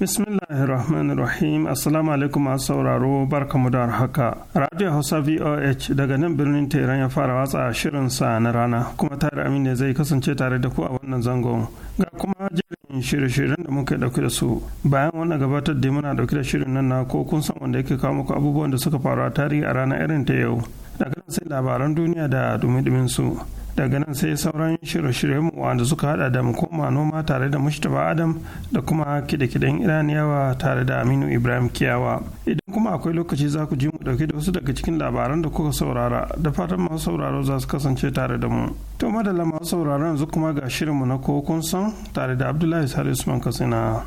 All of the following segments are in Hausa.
Bismillahirrahmanirrahim. Assalamu alaikum masu sauraro barkamu da haka. Radio Hausa VOH daga nan birnin Tehran ya fara watsa shirin sa na rana kuma tare amin ne zai kasance tare da ku a wannan zangon. Ga kuma jerin shirye-shiryen da muka dauke da su. Bayan wannan gabatar da muna dauke da shirin nan na ko kun san wanda yake kawo muku abubuwan da suka faru a tarihi a ranar irin ta yau. Daga sai labaran duniya da dumi-dumin su. daga nan sai sauran shirye-shiryen mu wanda suka hada da koma noma tare da mustapha adam da kuma kide-kiden iraniyawa tare da aminu ibrahim kiyawa idan kuma akwai lokaci za ku ji mu dauke da wasu daga cikin labaran da kuka saurara da fatan masu sauraro za su kasance tare da mu to madalla masu sauraro yanzu kuma ga shirinmu na kokun san tare da abdullahi salisu usman kasina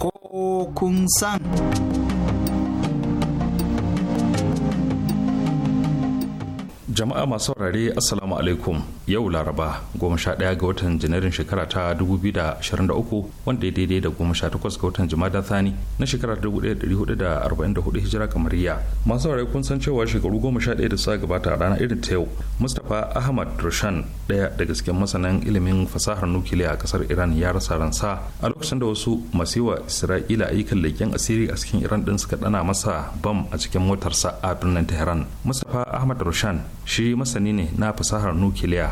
kokun san jama'a masu saurare assalamu alaikum yau laraba 11 ga watan janairun shekara ta 2023 wanda ya daidai da 18 ga watan jima'a thani na shekara 1444 hijira kamariya masu saurare kun san cewa shekaru 11 da suka gabata a ranar irin ta yau mustapha ahmad roshan daya daga cikin masanan ilimin fasahar nukiliya a kasar iran ya rasa ransa a lokacin da wasu masu yiwa isra'ila ayyukan leƙen asiri a cikin iran din suka dana masa bam a cikin motarsa a birnin tehran mustapha ahmad roshan shi masani ne na fasahar nukiliya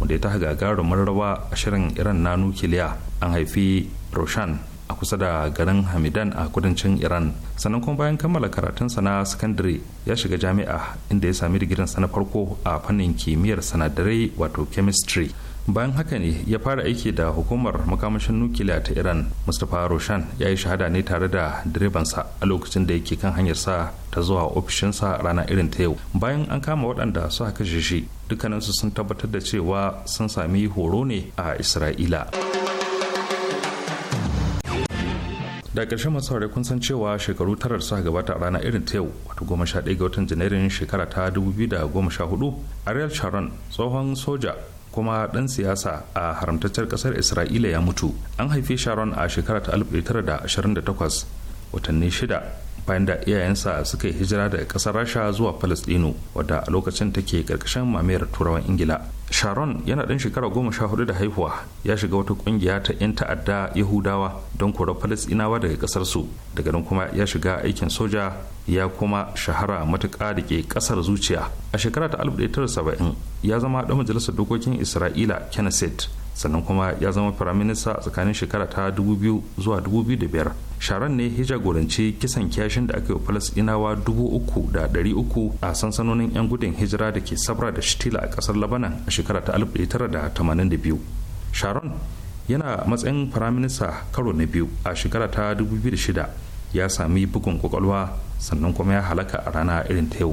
wanda ya ta gagarumin rawa a shirin iran na nukiliya an haifi roshan a kusa da garin hamidan a kudancin iran sannan kuma bayan kammala karatun sana sakandare ya shiga jami'a inda ya sami sa na farko a fannin kimiyyar sanadarai wato chemistry bayan haka ne ya fara aiki da hukumar makamashin nukiliya ta iran mustapha roshan ya yi shahada ne tare da direbansa a lokacin da yake kan hanyarsa ta zuwa ofishinsa rana irin ta yau bayan an kama waɗanda suka kashe shi dukkaninsu sun tabbatar da cewa sun sami horo ne a isra'ila da ƙarshe masu saurari kun san cewa shekaru tara suka gabata rana irin ta yau wato goma sha ɗaya ga watan janairun shekara ta dubu biyu da goma sha hudu ariel sharon tsohon soja kuma ɗan siyasa a haramtaccen ƙasar isra'ila ya mutu an haife sharon a shekara ta 1928 watanni shida bayan da iyayensa suka yi hijira daga ƙasar rasha zuwa palestino wadda a lokacin take karkashin mamayar turawan ingila sharon yana ɗan shekara goma sha hudu da haihuwa ya shiga wata ƙungiya ta 'yan ta'adda yahudawa don kora palestinawa daga ƙasarsu daga nan kuma ya shiga aikin soja ya kuma shahara matuƙa da ke ƙasar zuciya a shekara ta 1970 ya zama ɗan majalisar dokokin isra'ila kenneth sannan kuma ya zama firaminista tsakanin shekara ta 2000 zuwa 2005 sharon ne ya jagoranci kisan kyashin da aka yi falasɗinawa 3,300 a sansanonin 'yan gudun hijira da ke sabra da shitila a ƙasar labanan a shekara ta 1982 sharon yana matsayin firaminista karo na biyu a shekara ta 2006 ya sami bugun kwakwalwa sannan kuma ya halaka a rana irin ta yau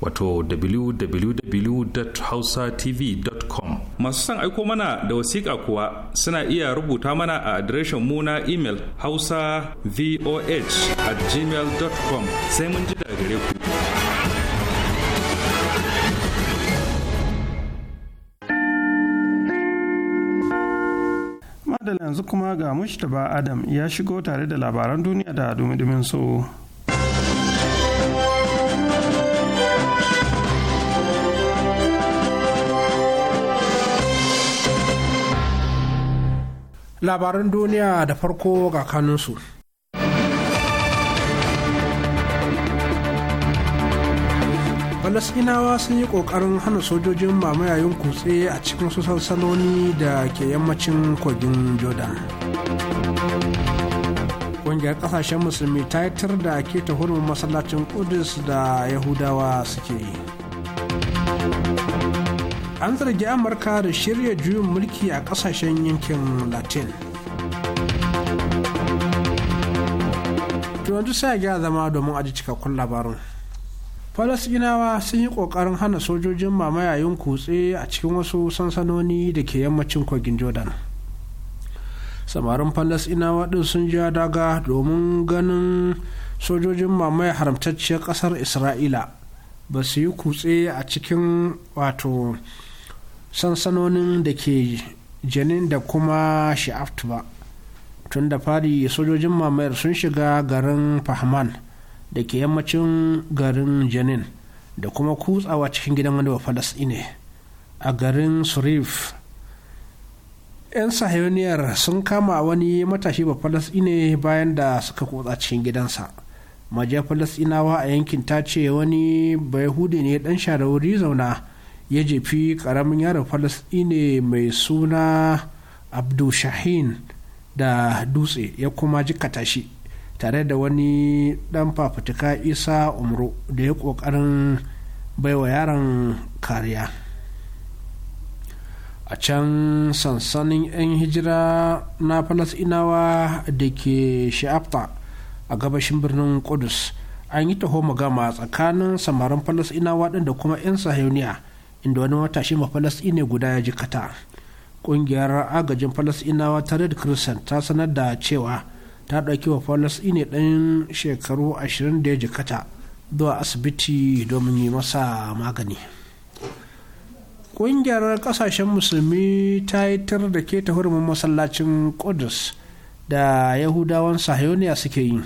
wato www.hausatv.com masu son aiko mana da wasiƙa kuwa suna iya rubuta mana a adireshin mu na imel hausa voh at gmail.com sai mun ji daga gare ku madalla yanzu kuma ga mushtaba adam ya shigo tare da labaran duniya da dumi-dumin so labaran duniya da farko ga kanunsu. falasinawa sun yi kokarin hana sojojin mamayayin kutse a cikin su sansanoni da ke yammacin kogin jordan ƙungiyar ƙasashen musulmi ta yi tar da ke hurmin masallacin kudus da yahudawa suke yi an zargi amurka da shirya juyin mulki a kasashen yankin latin yanzu sai ya zama domin aji cikakkun labarin falasɗinawa sun yi kokarin hana sojojin mamaya yin kutse a cikin wasu sansanoni da ke yammacin kogin jordan samarin falasɗinawa din sun ja daga domin ganin sojojin mamaya haramtacciyar ƙasar isra'ila ba su yi kutse a cikin wato sansanonin da ke janin da kuma sha'aft ba tun da fari sojojin mamayar sun shiga garin fahman da ke yammacin garin janin da kuma kutsawa cikin gidan wani ne a garin surif 'yan sahiyoniyar sun kama wani matashi ba ne bayan da suka kutsa cikin gidansa majiya falasɗinawa a yankin ta ce wani bayahudi ne dan share zauna ya jefi karamin yaron ne mai suna shahin da dutse ya kuma jikata shi tare da wani dan fafutuka isa umro da ya kokarin baiwa yaron kariya a can sansanin 'yan hijira na falasinawa da ke sha'afta a gabashin birnin kudus an yi taho magama tsakanin samarin falasinawa ɗin da kuma 'yan sahiyoniya inda wani matashi ma ne guda ya ji kata ƙungiyar agajin falasɗinawa ta red crescent ta sanar da cewa ta ɗauki wa falasɗine ɗan shekaru ashirin da ya ji kata zuwa asibiti domin yi masa magani ƙungiyar ƙasashen musulmi ta yi tar da keta hurumin masallacin kudus da yahudawan sahiyoniya suke yi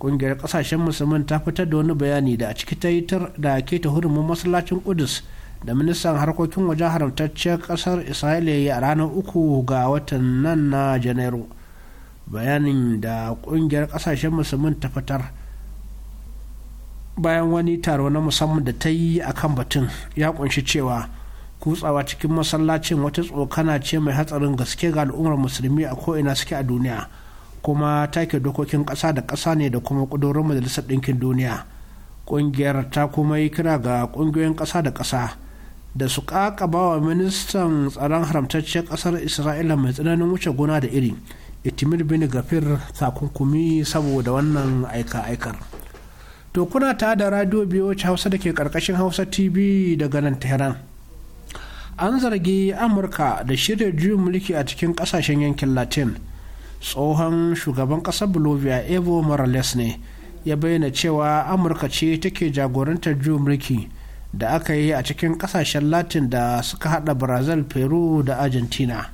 ƙungiyar ƙasashen musulmin ta fitar da wani bayani da a ciki ta yi tar da ke hurumin masallacin kudus da ministan harkokin wajen haramtacciyar kasar isra'ila yi a ranar uku ga watan nan na janairu bayanin da kungiyar kasashen musulmin ta fitar bayan wani taro na musamman da ta yi a kan batun ya kunshi cewa kutsawa cikin masallacin wata tsokana ce mai hatsarin gaske ga al'ummar musulmi a ko'ina suke a duniya kuma take dokokin ƙasa da ƙasa ne da kuma ƙudurin majalisar ɗinkin duniya ƙungiyar ta kuma yi kira ga ƙungiyoyin ƙasa da ƙasa da su kakaba wa ministan tsaron haramtacciyar ƙasar isra'ila mai tsananin wuce gona da iri itimir bin gafir takunkumi saboda wannan aika-aikar to kuna ta da radio biyu hausa da ke karkashin hausa tv daga nan tehran an zargi amurka da shirya juyin mulki a cikin kasashen yankin latin tsohon shugaban kasar bolivia evo morales ne ya bayyana cewa amurka ce take jagorantar juyin mulki da aka yi a cikin kasashen latin da suka hada brazil peru da argentina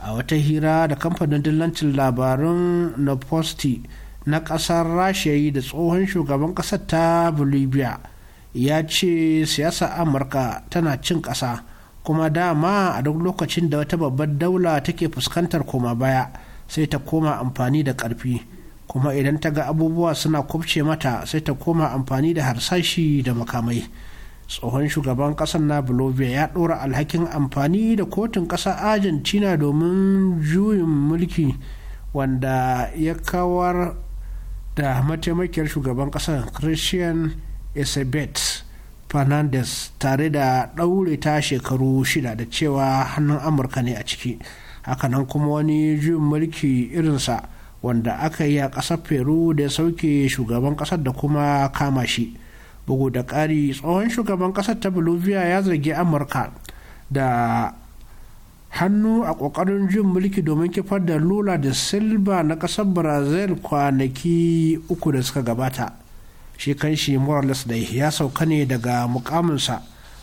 a wata hira da kamfanin dillancin labarun na na kasar rasha yi da tsohon shugaban kasar ta bolivia ya ce siyasa amurka tana cin kasa kuma dama a duk lokacin da wata babbar daula take fuskantar koma baya sai ta koma amfani da karfi kuma idan ta ga abubuwa suna kubce mata sai ta koma amfani da harsashi da makamai tsohon shugaban kasar na bolivia ya ɗora alhakin amfani da kotun ƙasa argentina domin juyin mulki wanda ya kawar da mataimakiyar shugaban ƙasar christian isabet fernandez tare da ɗaure ta shekaru shida da cewa hannun amurka ne a ciki hakanan kuma wani juyin mulki irinsa wanda aka yi a ƙasar peru da ya sauke shugaban ƙasar da kuma kama shi bugu da ƙari tsohon shugaban ƙasar ta bolivia ya zargi amurka da hannu a ƙoƙarin jin mulki domin kifar da lula da silba na ƙasar brazil kwanaki uku da suka gabata shi kanshi morales da ya sauka ne daga mukaminsa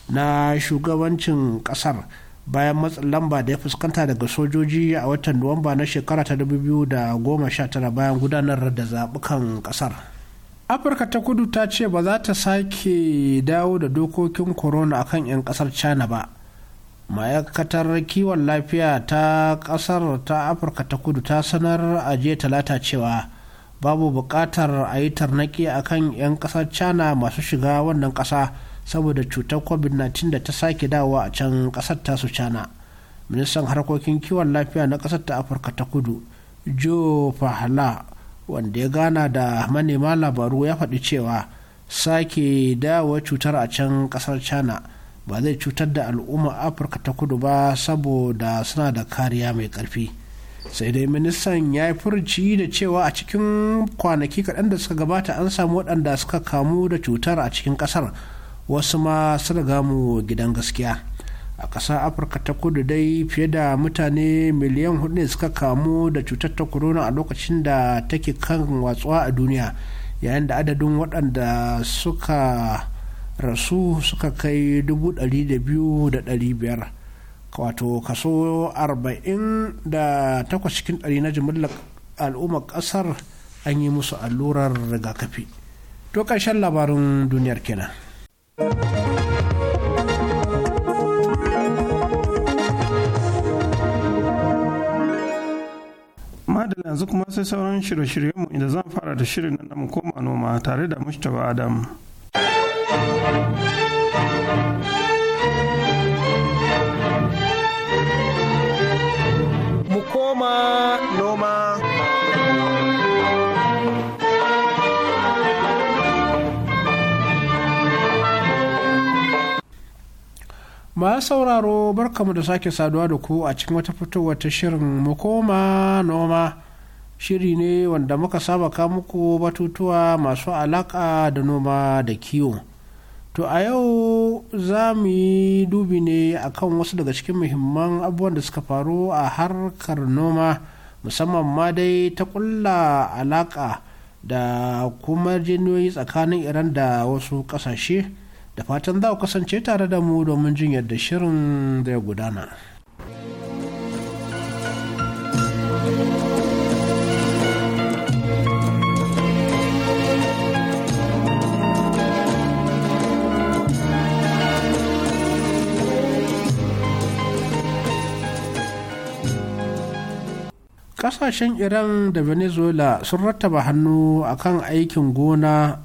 na shugabancin ƙasar bayan matsin lamba da ya fuskanta daga sojoji a watan nuwamba na shekara ta 2019 bayan gudanar da zaɓukan ƙasar. afirka ta kudu ta ce ba za ta sake dawo da dokokin corona akan 'yan kasar china ba ma'aikatar kiwon lafiya ta kasar ta afirka ta kudu ta sanar a jiya talata cewa babu bukatar a yi tarnaki akan 'yan kasar china masu shiga wannan kasa saboda cutar covid-19 da ta sake dawowa a can ƙasar tasu china ministan harkokin kiwon lafiya na kasar ta afirka ta kudu joe fahla wanda ya gana da manema labaru ya faɗi cewa sake dawo cutar a can ƙasar china ba zai cutar da al'ummar afirka ta kudu ba saboda suna da kariya mai ƙarfi sai dai ministan ya yi furci da cewa a cikin kwanaki kaɗan da suka gabata an samu waɗanda suka kamu da cutar a cikin ƙasar wasu ma suka gamu gidan gaskiya a ƙasar afirka ta kudu dai fiye da mutane miliyan hudu ne suka kamu da cutar ta corona a lokacin da take kan watsuwa a duniya yayin da adadin waɗanda suka rasu suka kai biyar wato kaso takwas cikin ɗari na jimillar al'ummar ƙasar an yi musu allurar rigakafi to ƙarshen labarin duniyar kenan. adal yanzu kuma sai sauran shirye-shiryenmu inda zan fara da shirin nan mu koma noma tare da mustapha adam mu koma ma sauraro barkamu da sake saduwa da ku a cikin wata fitowar ta shirin mu koma noma shiri ne wanda muka saba ka muku batutuwa masu alaka da noma da kiwo to a yau za mu yi dubi ne akan wasu daga cikin muhimman abubuwan da suka faru a harkar noma musamman ma dai ta kulla alaka da kuma jiniyoyi tsakanin iran da wasu kasashe. da fatan za ku kasance tare da mu domin jin yadda shirin zai gudana. kasashen iran da venezuela sun rattaba hannu akan aikin gona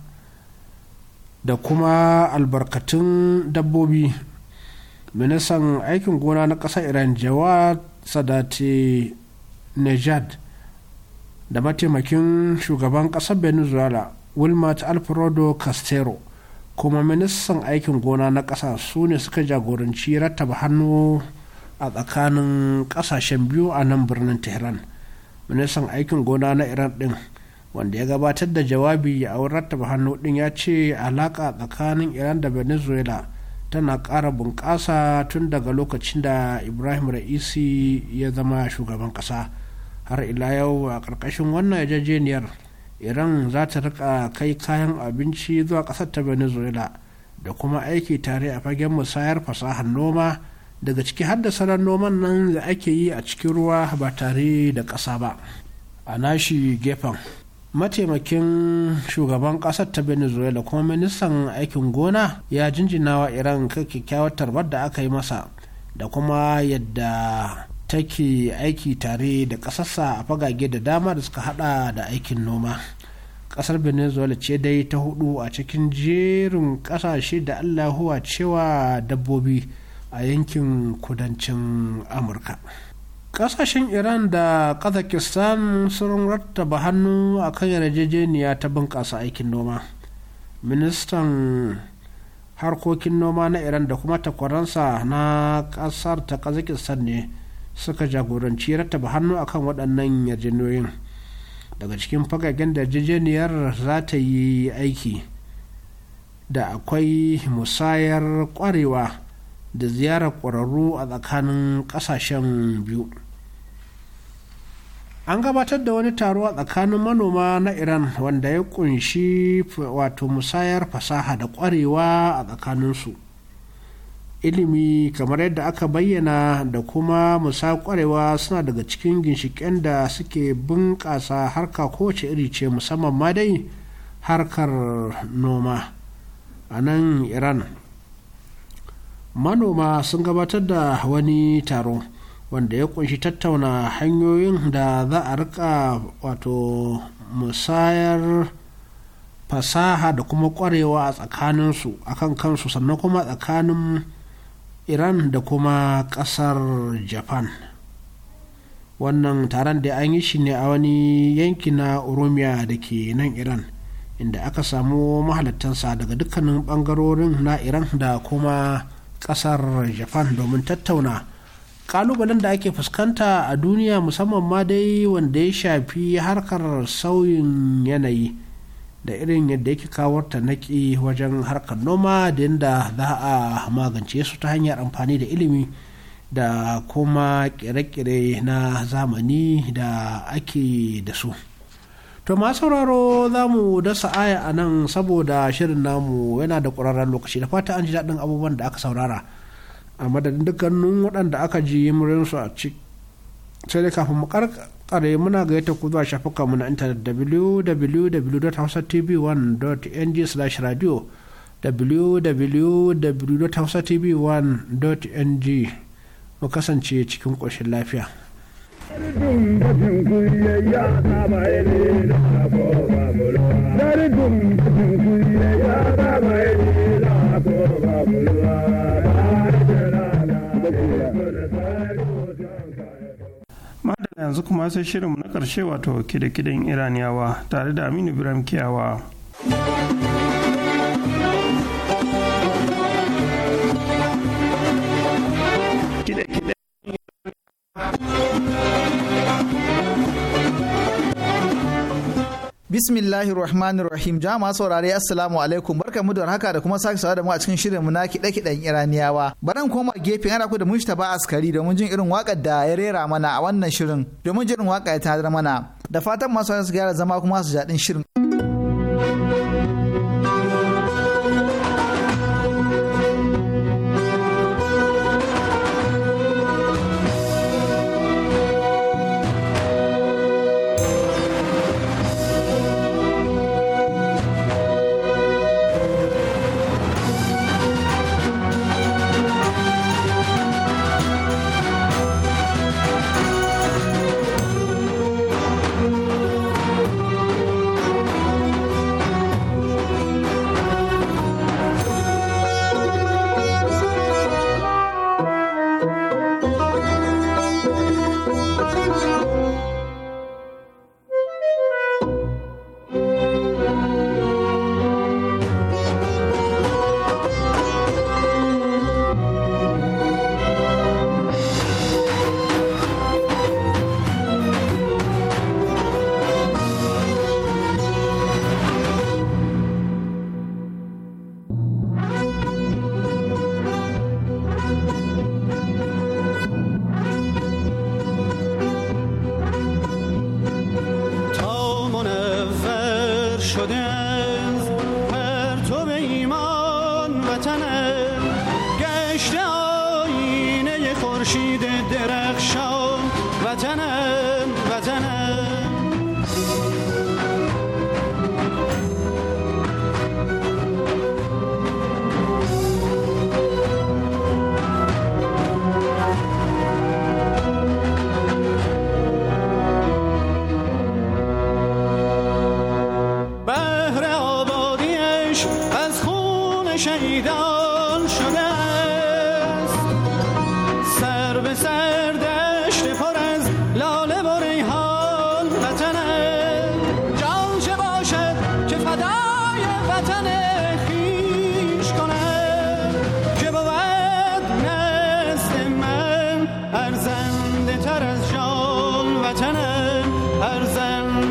da kuma albarkatun dabbobi ministan aikin gona na ƙasar iran jawad sadati nejad da mataimakin shugaban ƙasar venezuela wilmot alfredo castero kuma ministan aikin gona na ƙasa su ne suka jagoranci rattaba hannu a tsakanin ƙasashen biyu a nan birnin tehran ministan aikin gona na iran ɗin wanda ya gabatar da jawabi a rattaba hannu din ya ce alaka tsakanin iran da venezuela tana ƙara bunƙasa tun daga lokacin da ibrahim ra'isi ya zama shugaban ƙasa har ila yau a ƙarƙashin wannan yajejeniyar iran za ta rika kai kayan abinci zuwa ƙasar ta venezuela da kuma aiki tare a fagen musayar fasahar noma daga ciki har da salon noman nan da ake yi a cikin ruwa ba tare da ƙasa ba a nashi gefen mataimakin shugaban kasar ta venezuela kuma ministan aikin gona ya jinjinawa wa iran kyakkyawar tarbar da aka yi masa da kuma yadda take aiki tare da kasarsa a fagage da dama da suka hada da aikin noma kasar venezuela ce dai ta hudu a cikin jerin kasashe da allahuwa cewa dabbobi a yankin kudancin amurka. kasashen iran da kazakistan sun rattaba hannu a kan yarjejeniya ta bunƙasa aikin noma ministan harkokin noma na iran da kuma takwaransa na ƙasar ta kazakistan ne suka jagoranci rattaba hannu a kan waɗannan yarjejeniyoyin daga cikin fagagen da yarjejeniyar za ta yi aiki da akwai musayar kwarewa da ziyarar ƙwararru a tsakanin ƙasashen biyu an gabatar da wani taro a tsakanin manoma na iran wanda ya kunshi wato musayar fasaha da kwarewa a tsakanin su ilimi kamar yadda aka bayyana da kuma musa kwarewa suna daga cikin ginshiken da suke bunƙasa harka kowace iri ce musamman ma dai harkar noma a nan iran manoma sun gabatar da wani taro wanda ya kunshi tattauna hanyoyin da za a rika wato musayar fasaha da kuma kwarewa a tsakaninsu akan kansu sannan kuma tsakanin iran da kuma kasar japan wannan taron da an yi shi ne a wani yanki na oromiya da ke nan iran inda aka samu mahalattansa daga dukkanin bangarorin na iran da kuma kasar japan domin tattauna kalubalen da ake fuskanta a duniya musamman ma dai wanda ya shafi harkar sauyin yanayi da irin yadda yake kawo tarnaki wajen harkar noma da yadda za a magance su ta hanyar amfani da ilimi da kuma kire-kire na zamani da ake da su. To ma sauraro za mu dasa aya a nan saboda shirin namu yana da ƙwararren lokaci da fata an ji daɗin abubuwan da aka saurara. a madadin dukkanin waɗanda aka ji su a ci sai dai kafin mu karkare muna gayyata ku zuwa shafukanmu na intanet www.hausatv1.ng/radio www.hausatv1.ng mu kasance cikin ƙoshin lafiya. da jin ya kuma sai shirinmu na ƙarshe wato kide-kiden iraniyawa tare da aminu ibrahim kiyawa. Bismillahir Rahmanir Rahim. Jama'a saurare Assalamu alaikum. Barkamu da haka da kuma sake sawa da mu a cikin shirin mu na kiɗe-kiɗen Iraniyawa. Baran koma gefe ana ku da ba Askari domin jin irin waƙar da ya rera mana a wannan shirin. Domin jin waƙa ya tadar mana. Da fatan masu su gyara zama kuma su jaɗin shirin.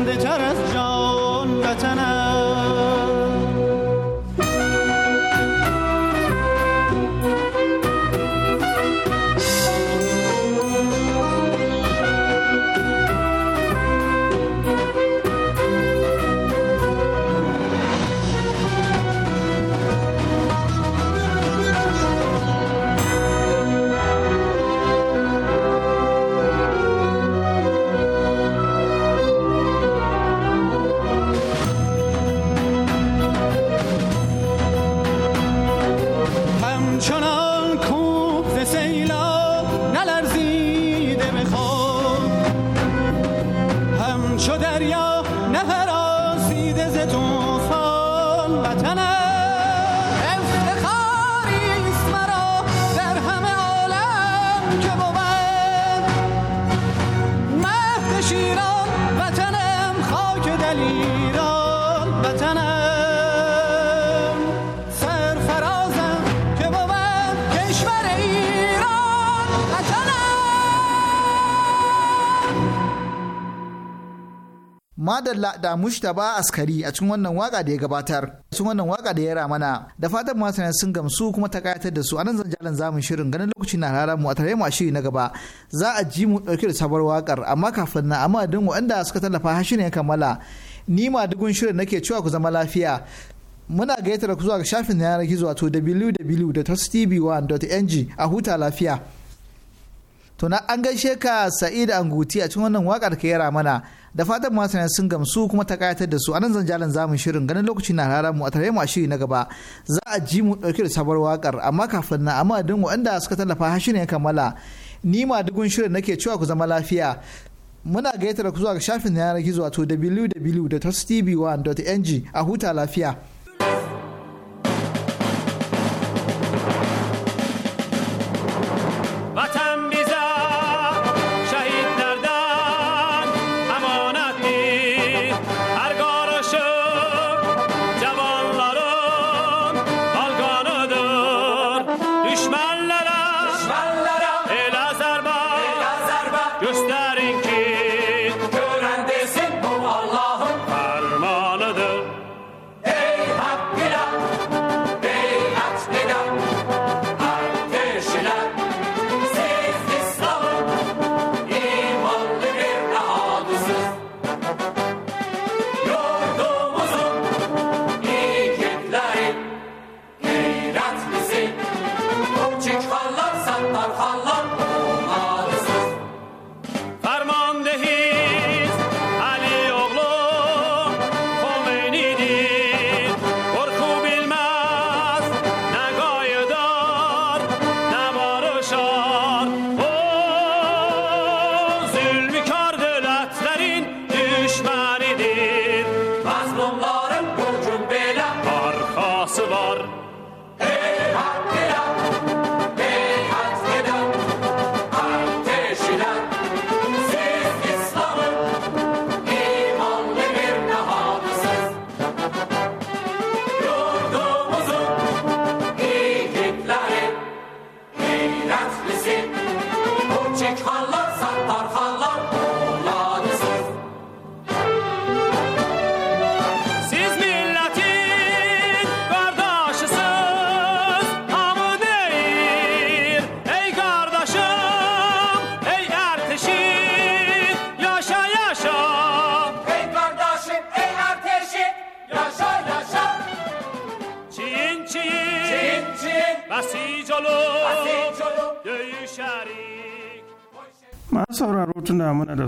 the charas نفراسیده ز توفان وطنم madalla da mushtaba askari a cikin wannan waka da ya gabatar cikin wannan waka da ya ramana da fatan masana sun gamsu kuma ta kayatar da su anan zan jalan zamun shirin ganin lokaci na rara mu a tare mu a shiri na gaba za a ji mu dauke da sabar wakar amma kafin na amma din waɗanda suka tallafa har shirin ya kammala ni ma dugun shirin nake cewa ku zama lafiya muna gaitar ku zuwa ga shafin yanar gizo wato www.tv1.ng a huta lafiya. to na an gaishe ka sa'id anguti a cikin wannan wakar ka yara mana da fatan masana sun gamsu kuma ta kayatar da su anan zan jalan zamu shirin ganin lokaci na rara mu a tare mu a shiri na gaba za a ji mu dauke da sabuwar wakar amma kafin na amma din waɗanda suka tallafa har ya kammala ni ma dugun shirin nake cewa ku zama lafiya muna gayyatar ku zuwa ga shafin yanar gizo wato www.tv1.ng a huta lafiya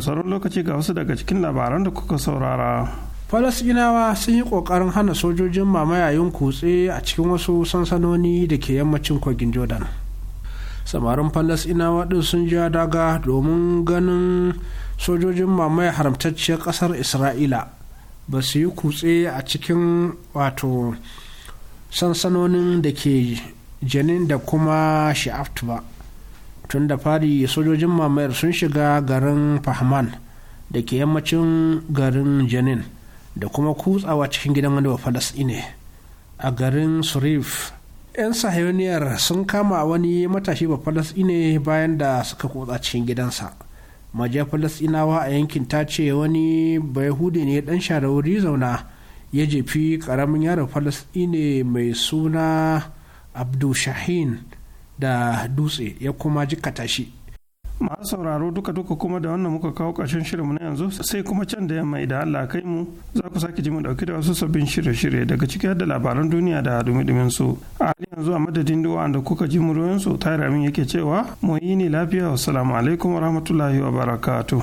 da sauran lokaci ga wasu daga cikin labaran da kuka saurara. falasɗinawa sun yi ƙoƙarin hana sojojin mamayayin kutse a cikin wasu sansanoni da ke yammacin kogin jordan samarin falasɗinawa ɗin sun ja daga domin ganin sojojin mamaya haramtacciyar ƙasar isra'ila ba su yi kutse a cikin wato sansanonin da ke janin da kuma sha'aftu ba tun da fari sojojin mamayar sun shiga garin fahman da ke yammacin garin janin da kuma kutsawa cikin gidan wani ine a garin surif 'yan sahiyoniyar sun kama wani matashi ba ine bayan da suka kutsa cikin gidansa majiya falasɗinawa a yankin ta ce wani bayahudi ne dan share wuri zauna ya jefi karamin falas falasɗine mai suna abdul shahin da dutse ya kuma jikata shi masu sauraro duka duka kuma da wannan muka kawo ƙarshen shirinmu na yanzu sai kuma can da yamma idan Allah kai mu za ku sake ji mu ɗauki da wasu sabbin shirye-shirye daga ciki da labaran duniya da dumi-dumin su a halin yanzu a madadin duwa da kuka ji ruwan su tayar amin yake cewa mu yi ni lafiya wassalamu alaikum wa wabarakatuh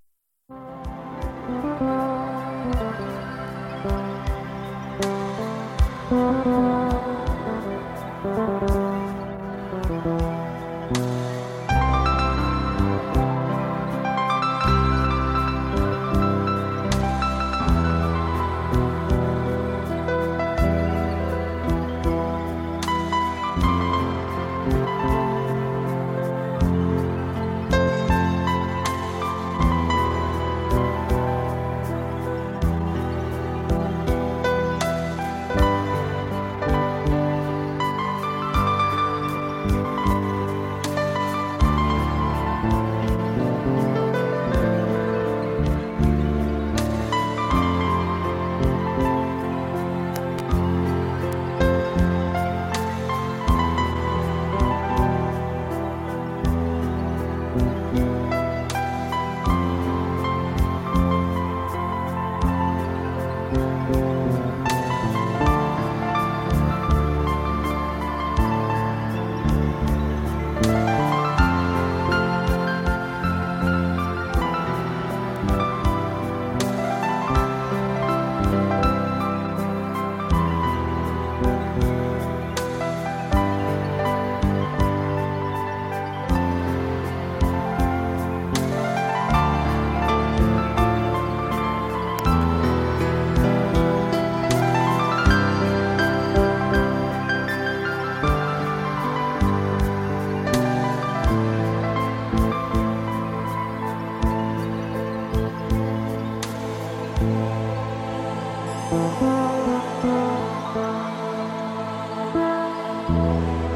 Thank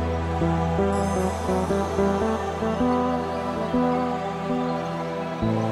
you.